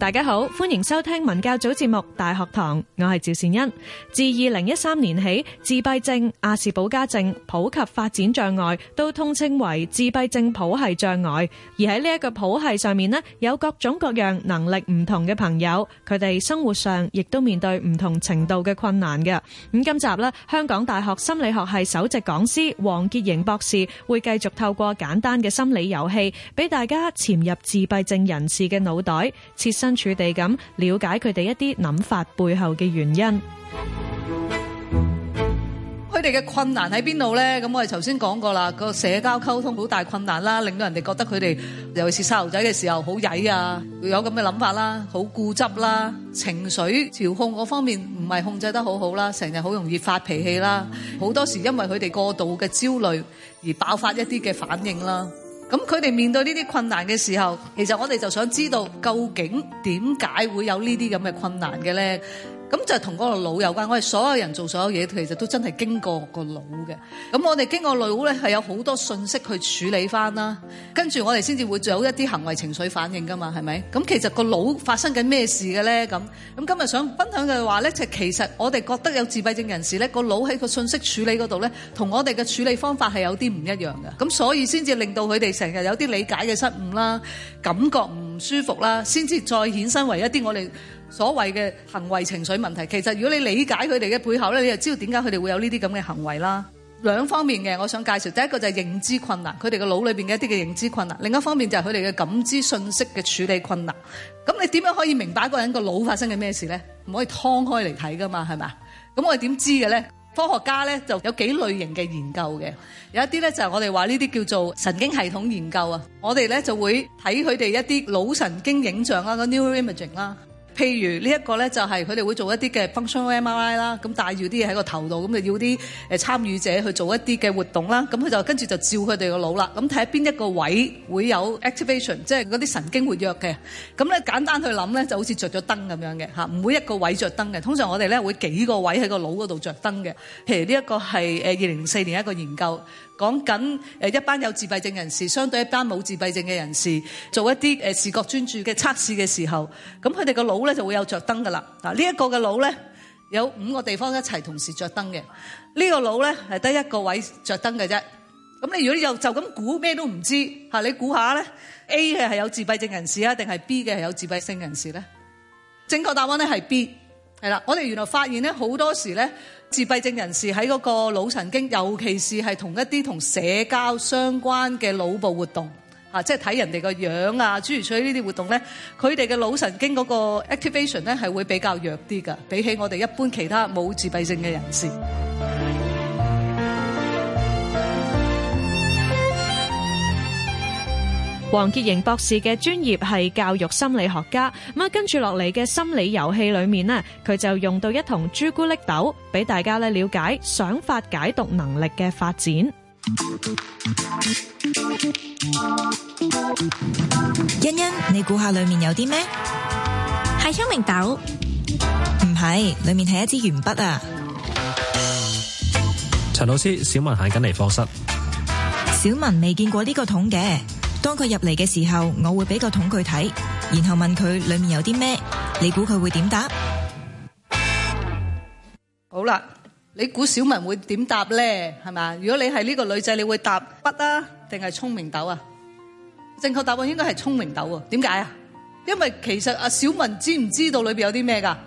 大家好，歡迎收聽文教組節目《大學堂》，我係趙善欣。自二零一三年起，自閉症、亞氏保加症、普及發展障礙都通稱為自閉症譜系障礙。而喺呢一個譜系上面呢，有各種各樣能力唔同嘅朋友，佢哋生活上亦都面對唔同程度嘅困難嘅。咁今集呢，香港大學心理學系首席講師王潔瑩博士會繼續透過簡單嘅心理遊戲，俾大家潛入自閉症人士嘅腦袋，切身。相處地咁了解佢哋一啲諗法背後嘅原因，佢哋嘅困難喺邊度咧？咁我哋頭先講過啦，個社交溝通好大困難啦，令到人哋覺得佢哋尤其是細路仔嘅時候好曳啊，有咁嘅諗法啦，好固執啦，情緒調控嗰方面唔係控制得好好啦，成日好容易發脾氣啦，好多時因為佢哋過度嘅焦慮而爆發一啲嘅反應啦。咁佢哋面對呢啲困難嘅時候，其實我哋就想知道究竟點解會有呢啲咁嘅困難嘅咧？咁就同嗰個腦有關，我哋所有人做所有嘢，其實都真係經過個腦嘅。咁我哋經過腦咧，係有好多信息去處理翻啦。跟住我哋先至會有好一啲行為情緒反應噶嘛，係咪？咁其實個腦發生緊咩事嘅咧？咁咁今日想分享嘅話咧，就係、其實我哋覺得有自閉症人士咧，個腦喺個信息處理嗰度咧，同我哋嘅處理方法係有啲唔一樣嘅。咁所以先至令到佢哋成日有啲理解嘅失誤啦，感覺唔舒服啦，先至再衍生為一啲我哋所謂嘅行為情緒問題，其實如果你理解佢哋嘅背後咧，你就知道點解佢哋會有呢啲咁嘅行為啦。兩方面嘅，我想介紹第一個就係認知困難，佢哋個腦裏邊嘅一啲嘅認知困難；另一方面就係佢哋嘅感知信息嘅處理困難。咁你點樣可以明白一個人個腦發生嘅咩事咧？唔可以劏開嚟睇噶嘛，係咪？咁我哋點知嘅咧？科學家咧就有幾類型嘅研究嘅，有一啲咧就係我哋話呢啲叫做神經系統研究啊。我哋咧就會睇佢哋一啲腦神經影像啦，個 neuroimaging 啦。譬如呢一個咧，就係佢哋會做一啲嘅 functional MRI 啦，咁帶住啲嘢喺個頭度，咁就要啲誒參與者去做一啲嘅活動啦，咁佢就跟住就照佢哋個腦啦，咁睇下邊一個位會有 activation，即係嗰啲神經活躍嘅，咁咧簡單去諗咧就好似着咗燈咁樣嘅嚇，唔會一個位着燈嘅，通常我哋咧會幾個位喺個腦嗰度着燈嘅。譬如呢一個係誒二零零四年一個研究。講緊一班有自閉症人士，相對一班冇自閉症嘅人士，做一啲誒視覺專注嘅測試嘅時候，咁佢哋個腦咧就會有着燈㗎啦。嗱、這個，呢一個嘅腦咧有五個地方一齊同時着燈嘅，呢、這個腦咧係得一個位着燈嘅啫。咁你如果有就咁估咩都唔知吓，你估下咧？A 嘅係有自閉症人士啊，定係 B 嘅係有自閉症人士咧？正確答案咧係 B，係啦。我哋原來發現咧好多時咧。自閉症人士喺嗰個腦神經，尤其是係同一啲同社交相關嘅腦部活動，啊，即係睇人哋個樣啊，諸如此類呢啲活動咧，佢哋嘅腦神經嗰個 activation 咧係會比較弱啲㗎，比起我哋一般其他冇自閉症嘅人士。黃潔瑩博士嘅專業係教育心理學家，咁啊跟住落嚟嘅心理遊戲裏面呢，佢就用到一桶朱古力豆，俾大家咧，了解想法解讀能力嘅發展。欣欣，你估下裏面有啲咩？係聰明豆？唔係，裏面係一支鉛筆啊！陳老師，小文行緊嚟課室。小文未見過呢個桶嘅。當佢入嚟嘅時候，我會俾個桶佢睇，然後問佢裏面有啲咩，你估佢會點答？好啦，你估小文會點答咧？係咪？如果你係呢個女仔，你會答筆啊，定係聰明豆啊？正確答案應該係聰明豆喎，點解啊？因為其實阿小文知唔知道裏邊有啲咩噶？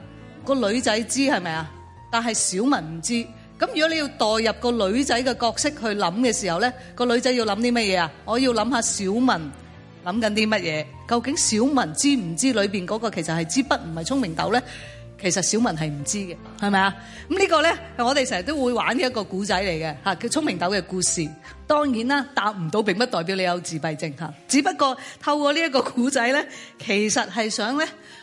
個女仔知係咪啊？但係小文唔知。咁如果你要代入個女仔嘅角色去諗嘅時候咧，個女仔要諗啲乜嘢啊？我要諗下小文諗緊啲乜嘢？究竟小文知唔知裏邊嗰個其實係支筆唔係聰明豆咧？其實小文係唔知嘅，係咪啊？咁呢個咧，係我哋成日都會玩呢一個古仔嚟嘅嚇，叫聰明豆嘅故事。當然啦，答唔到並不代表你有自閉症嚇，只不過透過呢一個古仔咧，其實係想咧。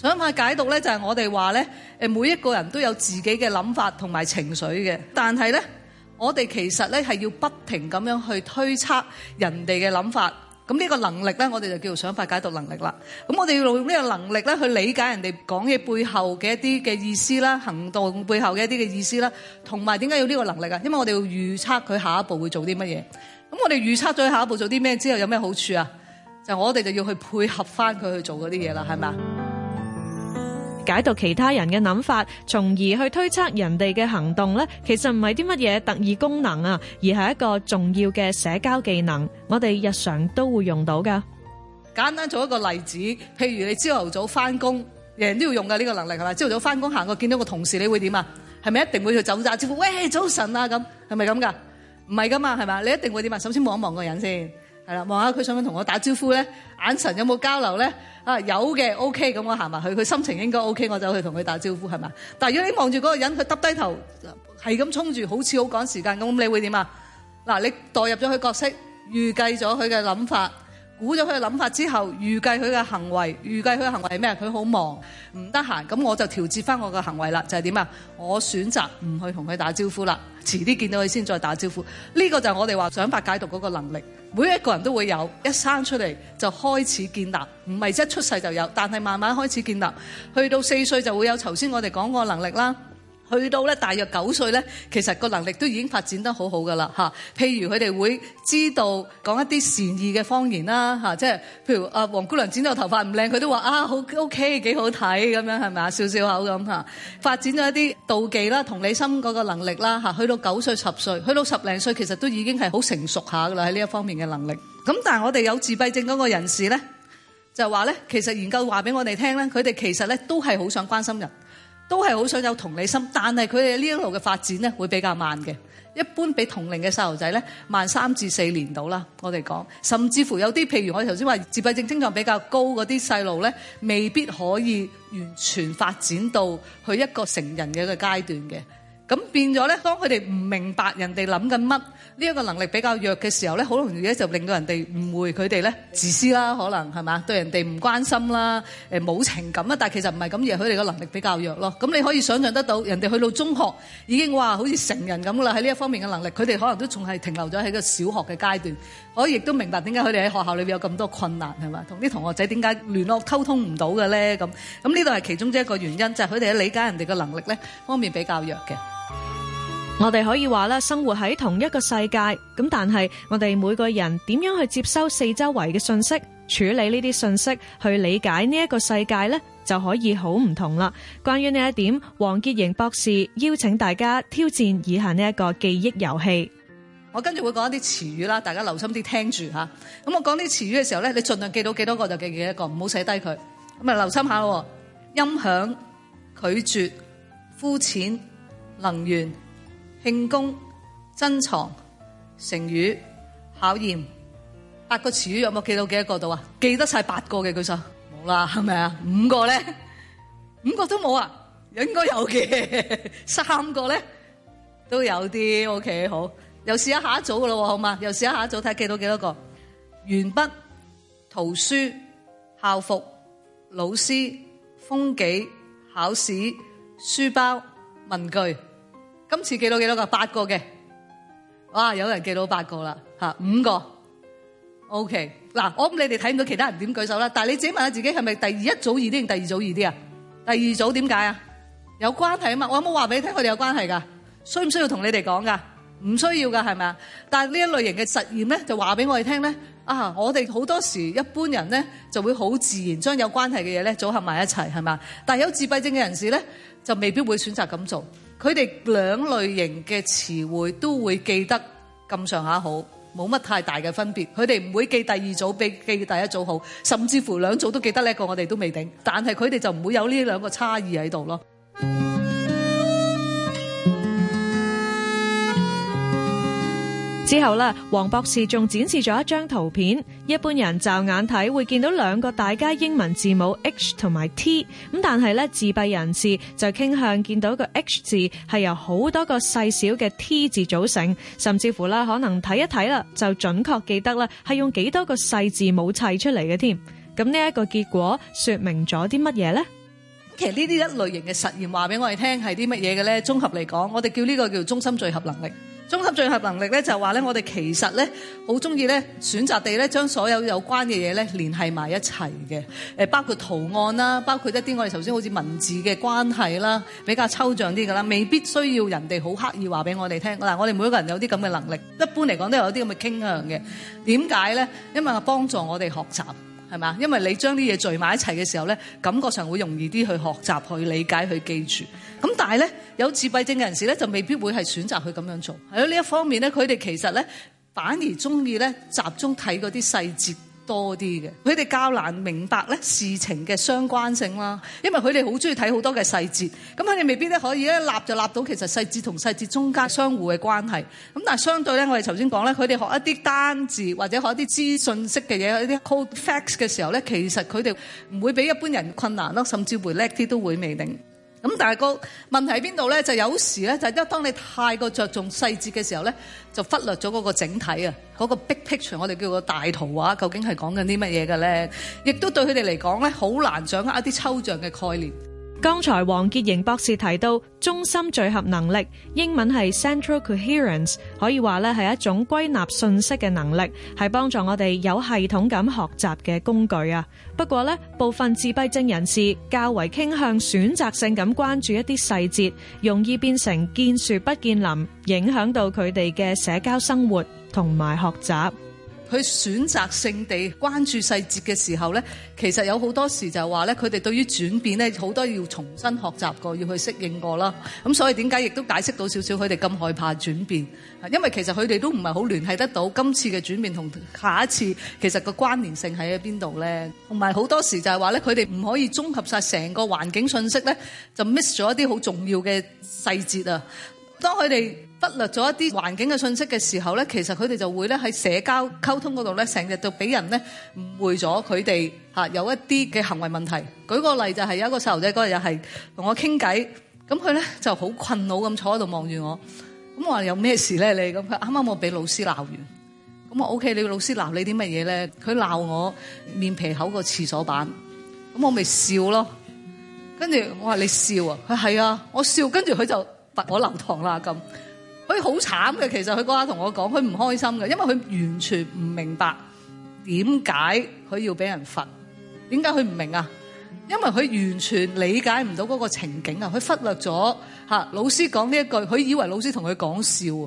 想法解讀咧，就係我哋話咧，誒每一個人都有自己嘅諗法同埋情緒嘅。但係咧，我哋其實咧係要不停咁樣去推測人哋嘅諗法。咁呢個能力咧，我哋就叫做想法解讀能力啦。咁我哋要用呢個能力咧去理解人哋講嘢背後嘅一啲嘅意思啦，行動背後嘅一啲嘅意思啦，同埋點解要呢個能力啊？因為我哋要預測佢下一步會做啲乜嘢。咁我哋預測咗佢下一步做啲咩之後有咩好處啊？就我哋就要去配合翻佢去做嗰啲嘢啦，係咪啊？解讀其他人嘅諗法，從而去推測人哋嘅行動咧，其實唔係啲乜嘢特異功能啊，而係一個重要嘅社交技能，我哋日常都會用到噶。簡單做一個例子，譬如你朝頭早翻工人人都要用嘅呢個能力係咪？朝頭早翻工行過見到個同事，你會點啊？係咪一定會去走揸招呼？喂，早晨啊，咁係咪咁噶？唔係噶嘛，係嘛？你一定會點啊？首先望一望個人先。係啦，望下佢想唔想同我打招呼咧？眼神有冇交流咧？啊，有嘅，O K，咁我行埋去，佢心情應該 OK，我就去同佢打招呼，係嘛？但係如果你望住嗰個人，佢耷低頭，係咁衝住，好似好趕時間咁，咁你會點啊？嗱，你代入咗佢角色，預計咗佢嘅諗法。估咗佢嘅諗法之後，預計佢嘅行為，預計佢嘅行為係咩？佢好忙，唔得閒，咁我就調節翻我嘅行為啦，就係點啊？我選擇唔去同佢打招呼啦，遲啲見到佢先再打招呼。呢、這個就係我哋話想法解讀嗰個能力，每一個人都會有，一生出嚟就開始建立，唔係一出世就有，但係慢慢開始建立，去到四歲就會有頭先我哋講過嘅能力啦。去到咧大約九歲咧，其實個能力都已經發展得好好噶啦嚇。譬如佢哋會知道講一啲善意嘅謊言啦嚇，即係譬如啊黃姑娘剪咗頭髮唔靚，佢都話啊好 OK 幾好睇，咁樣係咪啊？好 okay，好是是笑笑口咁嚇，發展咗一啲妒忌啦、同理心嗰個能力啦嚇。去到九歲十歲，去到十零歲，其實都已經係好成熟下噶啦，喺呢一方面嘅能力。咁但係我哋有自閉症嗰個人士咧，就話咧，其實研究話俾我哋聽咧，佢哋其實咧都係好想關心人。都係好想有同理心，但係佢哋呢一路嘅發展咧，會比較慢嘅。一般比同齡嘅細路仔咧，慢三至四年度啦。我哋講，甚至乎有啲譬如我哋頭先話自閉症症狀比較高嗰啲細路咧，未必可以完全發展到去一個成人嘅個階段嘅。咁變咗咧，當佢哋唔明白人哋諗緊乜呢一個能力比較弱嘅時候咧，好容易咧就令到人哋誤會佢哋咧，自私啦，可能係嘛對人哋唔關心啦，誒冇情感啦，但係其實唔係咁，而係佢哋個能力比較弱咯。咁你可以想象得到，人哋去到中學已經哇好似成人咁啦，喺呢一方面嘅能力，佢哋可能都仲係停留咗喺個小學嘅階段。我亦都明白點解佢哋喺學校裏邊有咁多困難係嘛，同啲同學仔點解聯絡溝通唔到嘅咧咁？咁呢度係其中一個原因就係佢哋喺理解人哋嘅能力咧方面比較弱嘅。我哋可以話啦，生活喺同一個世界，咁但係我哋每個人點樣去接收四周圍嘅信息，處理呢啲信息，去理解呢一個世界呢，就可以好唔同啦。關於呢一點，黃潔瑩博士邀請大家挑戰以下呢一個記憶遊戲。我跟住會講一啲詞語啦，大家留心啲聽住吓。咁啊，我講啲詞語嘅時候呢，你盡量記到幾多個就記幾多個，唔好寫低佢。咁啊，留心下咯，音響、拒絕、膚淺、能源。慶功、珍藏、成語、考驗，八個詞語有冇記到幾多個到啊？記得晒八個嘅舉手。冇啦，係咪啊？是是五個咧，五個都冇啊？應該有嘅。三個咧，都有啲。OK，好，又試一下，下一組嘅咯，好嘛？又試一下，下一組睇下記到幾多個？鉛筆、圖書、校服、老師、風紀、考試、書包、文具。今次記到幾多個？八個嘅，哇！有人記到八個啦。吓，五個，OK。嗱，我諗你哋睇唔到其他人點舉手啦。但你自己問下自己，係咪第一組易啲定第二組易啲啊？第二組點解啊？有關係啊嘛。我有冇話俾你聽，佢哋有關係㗎？需唔需要同你哋講㗎？唔需要㗎，係咪啊？但呢一類型嘅實驗咧，就話俾我哋聽咧。啊，我哋好多時一般人咧就會好自然將有關係嘅嘢咧組合埋一齊，係咪？但係有自閉症嘅人士咧就未必會選擇咁做。佢哋兩類型嘅詞彙都會記得咁上下好，冇乜太大嘅分別。佢哋唔會記第二組比記第一組好，甚至乎兩組都記得呢個我哋都未定，但係佢哋就唔會有呢兩個差異喺度咯。之後啦，黃博士仲展示咗一張圖片，一般人驟眼睇會見到兩個大嘅英文字母 H 同埋 T，咁但係咧，自閉人士就傾向見到個 H 字係由好多個細小嘅 T 字組成，甚至乎可能睇一睇啦就準確記得啦係用幾多個細字母砌出嚟嘅添。咁呢一個結果說明咗啲乜嘢呢？其實呢啲一類型嘅實驗話俾我哋聽係啲乜嘢嘅咧？綜合嚟講，我哋叫呢個叫中心聚合能力。中級聚合能力呢，就係話我哋其實呢，好鍾意呢，選擇地呢，將所有有關嘅嘢呢，連係埋一齊嘅，包括圖案啦，包括一啲我哋頭先好似文字嘅關係啦，比較抽象啲噶啦，未必需要人哋好刻意話俾我哋聽。我哋每一個人有啲咁嘅能力，一般嚟講都有啲咁嘅傾向嘅。點解呢？因為幫助我哋學習。係嘛？因為你將啲嘢聚埋一齊嘅時候咧，感覺上會容易啲去學習、去理解、去記住。咁但係咧，有自閉症嘅人士咧，就未必會係選擇去咁樣做。喺呢一方面咧，佢哋其實咧，反而鍾意咧，集中睇嗰啲細節。多啲嘅，佢哋較難明白咧事情嘅相關性啦，因為佢哋好中意睇好多嘅細節，咁佢哋未必咧可以咧立就立到其實細節同細節中間相互嘅關係。咁但係相對咧，我哋頭先講咧，佢哋學一啲單字或者學一啲資訊式嘅嘢，一啲 code facts 嘅時候咧，其實佢哋唔會比一般人困難咯，甚至會叻啲都會未定。咁但係個問題喺邊度咧？就有時咧，就當你太過着重細節嘅時候咧，就忽略咗嗰個整體啊！嗰個 big picture，我哋叫個大圖畫，究竟係講緊啲乜嘢嘅咧？亦都對佢哋嚟講咧，好難掌握一啲抽象嘅概念。剛才黃潔瑩博士提到中心聚合能力，英文係 central coherence，可以話咧係一種歸納信息嘅能力，係幫助我哋有系統咁學習嘅工具啊。不過呢，部分自閉症人士較為傾向選擇性咁關注一啲細節，容易變成見樹不見林，影響到佢哋嘅社交生活同埋學習。去選擇性地關注細節嘅時候咧，其實有好多時就係話咧，佢哋對於轉變咧好多要重新學習過，要去適應過啦。咁所以點解亦都解釋到少少，佢哋咁害怕轉變，因為其實佢哋都唔係好聯繫得到今次嘅轉變同下一次其實個關聯性喺喺邊度咧？同埋好多時就係話咧，佢哋唔可以綜合晒成個環境信息咧，就 miss 咗一啲好重要嘅細節啊！當佢哋忽略咗一啲環境嘅信息嘅時候咧，其實佢哋就會咧喺社交溝通嗰度咧，成日就俾人咧誤會咗佢哋有一啲嘅行為問題。舉個例就係有一個細路仔嗰日又係同我傾偈，咁佢咧就好困惱咁坐喺度望住我，咁我話有咩事咧你？咁佢啱啱，我俾老師鬧完，咁我 OK 你老師鬧你啲乜嘢咧？佢鬧我面皮厚過廁所板，咁我咪笑咯。跟住我話你笑啊？佢係啊，我笑，跟住佢就罰我留堂啦咁。佢好慘嘅。其實佢嗰下同我講，佢唔開心嘅，因為佢完全唔明白點解佢要俾人罰，點解佢唔明啊？因為佢完全理解唔到嗰個情景啊！佢忽略咗吓老師講呢一句，佢以為老師同佢講笑啊。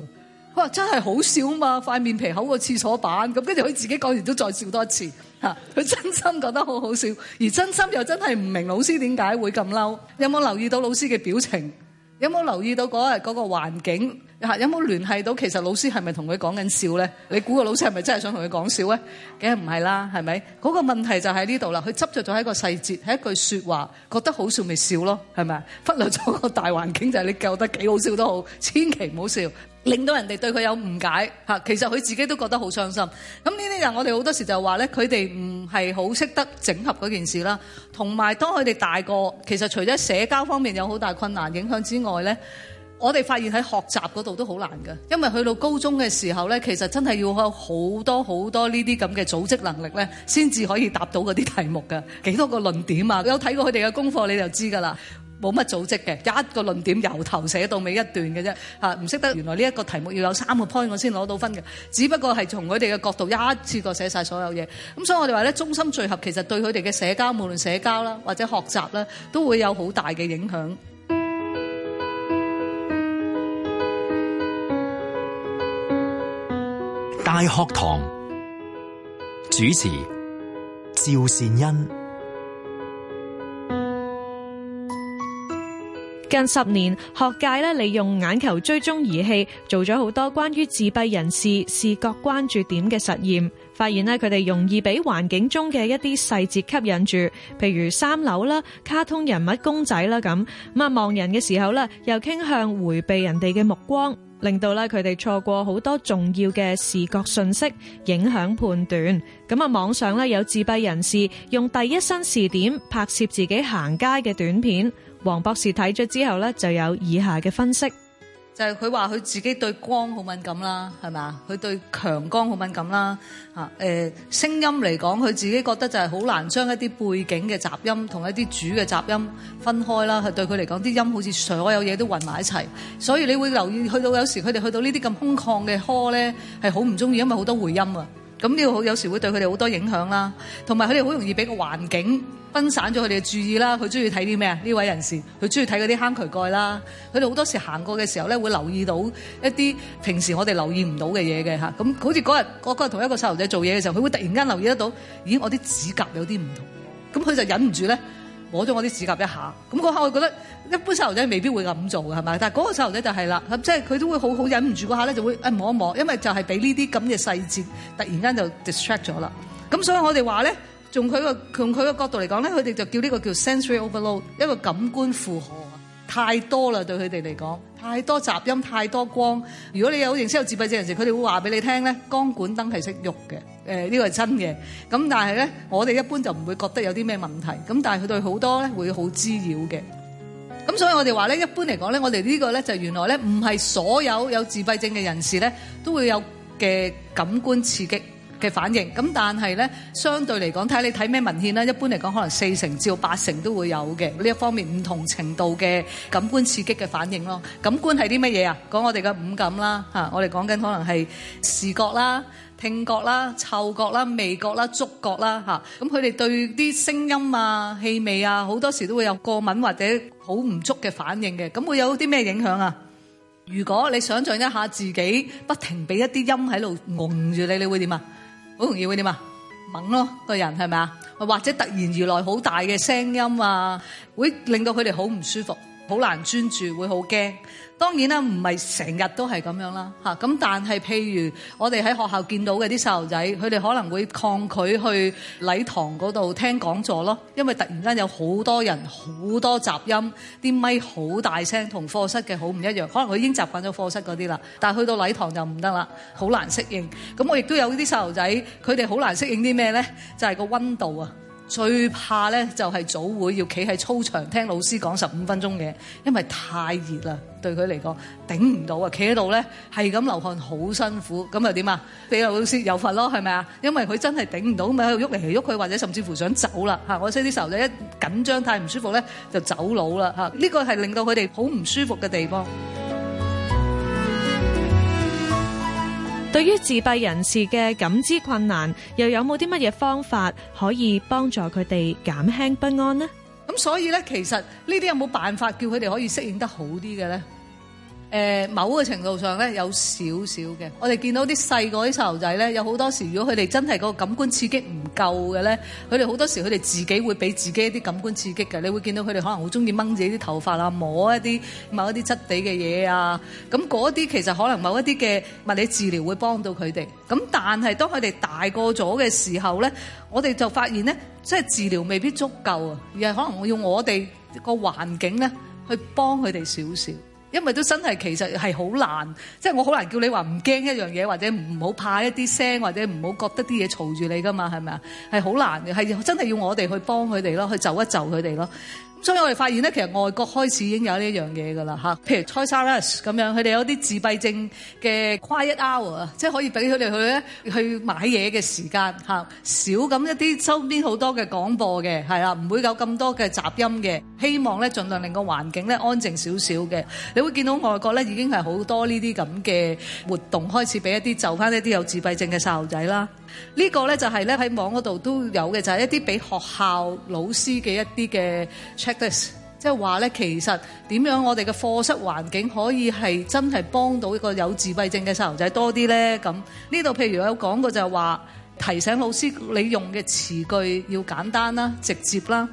佢話真係好笑啊嘛，塊面皮厚過廁所板咁。跟住佢自己講完都再笑多一次吓。佢真心覺得好好笑，而真心又真係唔明老師點解會咁嬲。有冇留意到老師嘅表情？有冇留意到嗰日嗰個環境？嚇有冇聯繫到？其實老師係咪同佢講緊笑咧？你估個老師係咪真係想同佢講笑咧？梗係唔係啦，係咪？嗰個問題就喺呢度啦。佢執着咗喺一個細節，係一句説話，覺得好笑咪笑咯，係咪？忽略咗個大環境，就係你教得幾好笑都好，千祈唔好笑，令到人哋對佢有誤解。嚇，其實佢自己都覺得好傷心。咁呢啲人，我哋好多時就話咧，佢哋唔係好識得整合嗰件事啦。同埋當佢哋大個，其實除咗社交方面有好大困難影響之外咧。我哋發現喺學習嗰度都好難㗎，因為去到高中嘅時候咧，其實真係要有好多好多呢啲咁嘅組織能力咧，先至可以答到嗰啲題目㗎。幾多個論點啊？有睇過佢哋嘅功課，你就知㗎啦。冇乜組織嘅，一個論點由頭寫到尾一段嘅啫。嚇，唔識得原來呢一個題目要有三個 point 我先攞到分嘅。只不過係從佢哋嘅角度一次過寫晒所有嘢。咁所以我哋話咧，中心聚合其實對佢哋嘅社交，無論社交啦或者學習啦，都會有好大嘅影響。大學堂主持趙善恩。近十年，學界咧利用眼球追蹤儀器做咗好多關於自閉人士視覺關注點嘅實驗，發現咧佢哋容易俾環境中嘅一啲細節吸引住，譬如三樓啦、卡通人物公仔啦咁。咁啊，望人嘅時候咧，又傾向回避人哋嘅目光。令到咧佢哋錯過好多重要嘅視覺信息，影響判斷。咁啊，網上咧有自閉人士用第一身視點拍攝自己行街嘅短片。黃博士睇咗之後咧，就有以下嘅分析。就係佢話佢自己對光好敏感啦，係咪啊？佢對強光好敏感啦嚇。誒、呃、聲音嚟講，佢自己覺得就係好難將一啲背景嘅雜音同一啲主嘅雜音分開啦。係對佢嚟講，啲音好似所有嘢都混埋一齊。所以你會留意去到有時佢哋去到呢啲咁空曠嘅 hall 呢，咧，係好唔中意，因為好多回音啊。咁呢個好有時會對佢哋好多影響啦，同埋佢哋好容易俾個環境分散咗佢哋嘅注意啦。佢中意睇啲咩啊？呢位人士佢中意睇嗰啲坑渠蓋啦。佢哋好多時行過嘅時候咧，會留意到一啲平時我哋留意唔到嘅嘢嘅嚇。咁好似嗰日嗰日同一個細路仔做嘢嘅時候，佢會突然間留意得到，咦，我啲指甲有啲唔同，咁佢就忍唔住咧。摸咗我啲指甲一下，咁嗰刻我覺得一般細路仔未必會咁做嘅係咪？但係嗰個細路仔就係啦，即係佢都會好好忍唔住嗰下咧，就會誒摸一摸，因為就係俾呢啲咁嘅細節突然間就 distract 咗啦。咁所以我哋話咧，從佢個從佢個角度嚟講咧，佢哋就叫呢個叫 sensory overload，一個感官負荷。太多啦，對佢哋嚟講，太多雜音、太多光。如果你有認識有自閉症人士，佢哋會話俾你聽咧，光管燈係識喐嘅，呃、呢個係真嘅。咁但係咧，我哋一般就唔會覺得有啲咩問題。咁但係佢對好多咧會好滋擾嘅。咁所以我哋話咧，一般嚟講咧，我哋呢個咧就原來咧唔係所有有自閉症嘅人士咧都會有嘅感官刺激嘅反應咁，但係咧，相對嚟講，睇下你睇咩文獻啦。一般嚟講，可能四成至到八成都會有嘅呢一方面唔同程度嘅感官刺激嘅反應咯。感官係啲乜嘢啊？講我哋嘅五感啦，嚇，我哋講緊可能係視覺啦、聽覺啦、嗅覺啦、味覺啦、觸覺啦，嚇。咁佢哋對啲聲音啊、氣味啊，好多時都會有過敏或者好唔足嘅反應嘅。咁會有啲咩影響啊？如果你想像一下自己不停俾一啲音喺度矇住你，你會點啊？好容易會點啊？懵咯，個人係咪啊？或者突然而來好大嘅聲音啊，會令到佢哋好唔舒服。好難專注，會好驚。當然啦，唔係成日都係咁樣啦，嚇。咁但係，譬如我哋喺學校見到嘅啲細路仔，佢哋可能會抗拒去禮堂嗰度聽講座咯，因為突然間有好多人、好多雜音，啲咪好大聲，同課室嘅好唔一樣。可能佢已經習慣咗課室嗰啲啦，但係去到禮堂就唔得啦，好難適應。咁我亦都有啲細路仔，佢哋好難適應啲咩呢？就係個温度啊！最怕咧就係早會要企喺操場聽老師講十五分鐘嘅，因為太熱啦，對佢嚟講頂唔到啊！企喺度咧係咁流汗，好辛苦。咁又點啊？俾老師有罰咯，係咪啊？因為佢真係頂唔到，咁咪喺度喐嚟喐去，或者甚至乎想走啦嚇！我識啲候者一緊張太唔舒服咧就走佬啦嚇！呢個係令到佢哋好唔舒服嘅地方。對於自閉人士嘅感知困難，又有冇啲乜嘢方法可以幫助佢哋減輕不安呢？咁所以咧，其實呢啲有冇辦法叫佢哋可以適應得好啲嘅咧？誒、呃、某個程度上咧，有少少嘅。我哋見到啲細個啲細路仔咧，有好多時，如果佢哋真係個感官刺激唔夠嘅咧，佢哋好多時佢哋自己會俾自己一啲感官刺激嘅。你會見到佢哋可能好中意掹自己啲頭髮啦、啊，摸一啲某一啲質地嘅嘢啊。咁嗰啲其實可能某一啲嘅物理治療會幫到佢哋。咁但係當佢哋大個咗嘅時候咧，我哋就發現咧，即係治療未必足夠啊，而係可能要用我哋個環境咧去幫佢哋少少。因為都真係其實係好難，即係我好難叫你話唔驚一樣嘢，或者唔好怕一啲聲，或者唔好覺得啲嘢嘈住你㗎嘛，係咪啊？係好難嘅，係真係要我哋去幫佢哋咯，去就一就佢哋咯。所以我哋發現咧，其實外國開始已經有呢樣嘢噶啦嚇，譬如 Toys R Us 咁樣，佢哋有啲自閉症嘅 Quiet Hour，即係可以俾佢哋去咧去買嘢嘅時間嚇，少咁一啲周邊好多嘅廣播嘅係啦，唔會有咁多嘅雜音嘅，希望咧盡量令個環境咧安靜少少嘅，你會見到外國咧已經係好多呢啲咁嘅活動開始俾一啲就翻一啲有自閉症嘅細路仔啦。呢個咧就係咧喺網嗰度都有嘅，就係、是、一啲俾學校老師嘅一啲嘅 checklist，即係話咧其實點樣我哋嘅課室環境可以係真係幫到一個有自閉症嘅細路仔多啲咧咁。呢度譬如有講過就係話提醒老師你用嘅詞句要簡單啦、直接啦。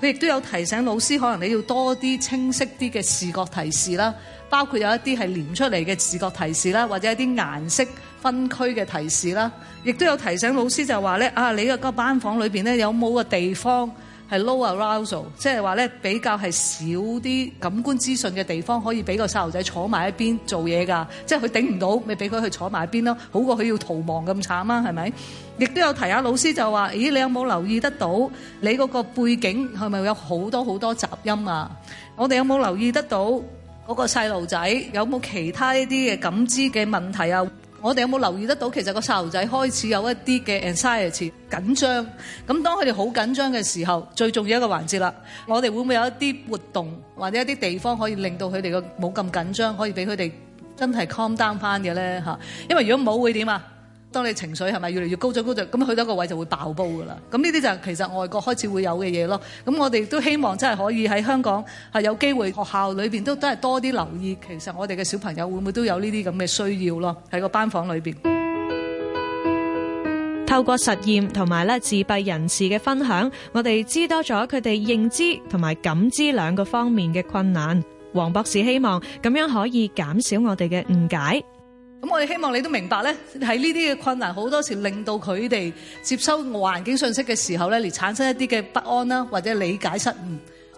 佢亦都有提醒老師可能你要多啲清晰啲嘅視覺提示啦，包括有一啲係連出嚟嘅視覺提示啦，或者一啲顏色分區嘅提示啦，亦都有提醒老師就係話咧啊，你個個班房裏邊咧有冇個地方係 low arousal，即係話咧比較係少啲感官資訊嘅地方，可以俾個細路仔坐埋一邊做嘢㗎，即係佢頂唔到，咪俾佢去坐埋一邊咯，好過佢要逃亡咁慘啊，係咪？亦都有提下老師就話，咦，你有冇留意得到你嗰個背景係咪有好多好多雜音啊？我哋有冇留意得到嗰個細路仔有冇其他一啲嘅感知嘅問題啊？我哋有冇留意得到，其實個細路仔開始有一啲嘅 anxiety 緊張，咁當佢哋好緊張嘅時候，最重要一個環節啦，我哋會唔會有一啲活動或者一啲地方可以令到佢哋嘅冇咁緊張，可以俾佢哋真係 calm down 翻嘅咧？嚇，因為如果冇會點啊？當你情緒係咪越嚟越高咗高咗，咁去到一個位就會爆煲噶啦。咁呢啲就係其實外國開始會有嘅嘢咯。咁我哋都希望真係可以喺香港係有機會學校裏邊都都係多啲留意，其實我哋嘅小朋友會唔會都有呢啲咁嘅需要咯？喺個班房裏邊，透過實驗同埋咧自閉人士嘅分享，我哋知多咗佢哋認知同埋感知兩個方面嘅困難。黃博士希望咁樣可以減少我哋嘅誤解。咁我哋希望你都明白咧，喺呢啲嘅困難好多時令到佢哋接收環境信息嘅時候咧，嚟產生一啲嘅不安啦，或者理解失誤，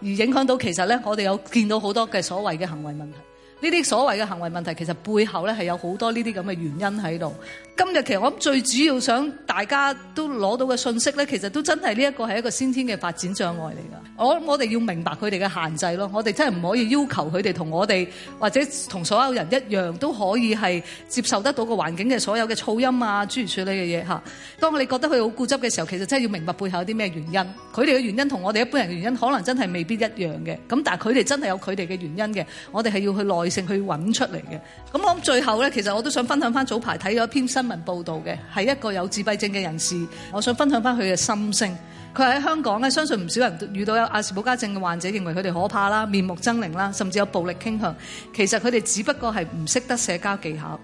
而影響到其實咧，我哋有見到好多嘅所謂嘅行為問題，呢啲所謂嘅行為問題其實背後咧係有好多呢啲咁嘅原因喺度。今日其實我諗最主要想大家都攞到嘅信息咧，其實都真係呢一個係一個先天嘅發展障礙嚟噶。我我哋要明白佢哋嘅限制咯，我哋真係唔可以要求佢哋同我哋或者同所有人一樣都可以係接受得到個環境嘅所有嘅噪音啊、諸如此類嘅嘢吓。當你覺得佢好固執嘅時候，其實真係要明白背後有啲咩原因。佢哋嘅原因同我哋一般人嘅原因可能真係未必一樣嘅。咁但係佢哋真係有佢哋嘅原因嘅，我哋係要去耐性去揾出嚟嘅。咁我諗最後咧，其實我都想分享翻早排睇咗一篇新。新聞報道嘅係一個有自閉症嘅人士，我想分享翻佢嘅心聲。佢喺香港咧，相信唔少人遇到有亞氏保加症嘅患者，認為佢哋可怕啦、面目猙獰啦，甚至有暴力傾向。其實佢哋只不過係唔識得社交技巧。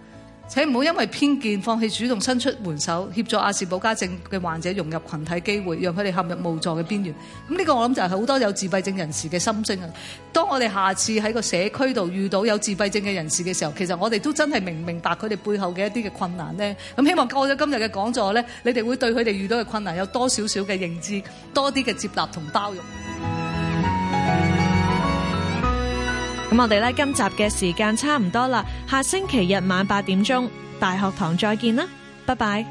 請唔好因為偏見放棄主動伸出援手，協助亞氏保加症嘅患者融入群體機會，讓佢哋陷入無助嘅邊緣。咁呢個我諗就係好多有自閉症人士嘅心聲啊！當我哋下次喺個社區度遇到有自閉症嘅人士嘅時候，其實我哋都真係明唔明白佢哋背後嘅一啲嘅困難呢。咁希望過咗今日嘅講座呢，你哋會對佢哋遇到嘅困難有多少少嘅認知，多啲嘅接納同包容。咁我哋咧今集嘅時間差唔多啦，下星期日晚八點鐘，大學堂再見啦，拜拜。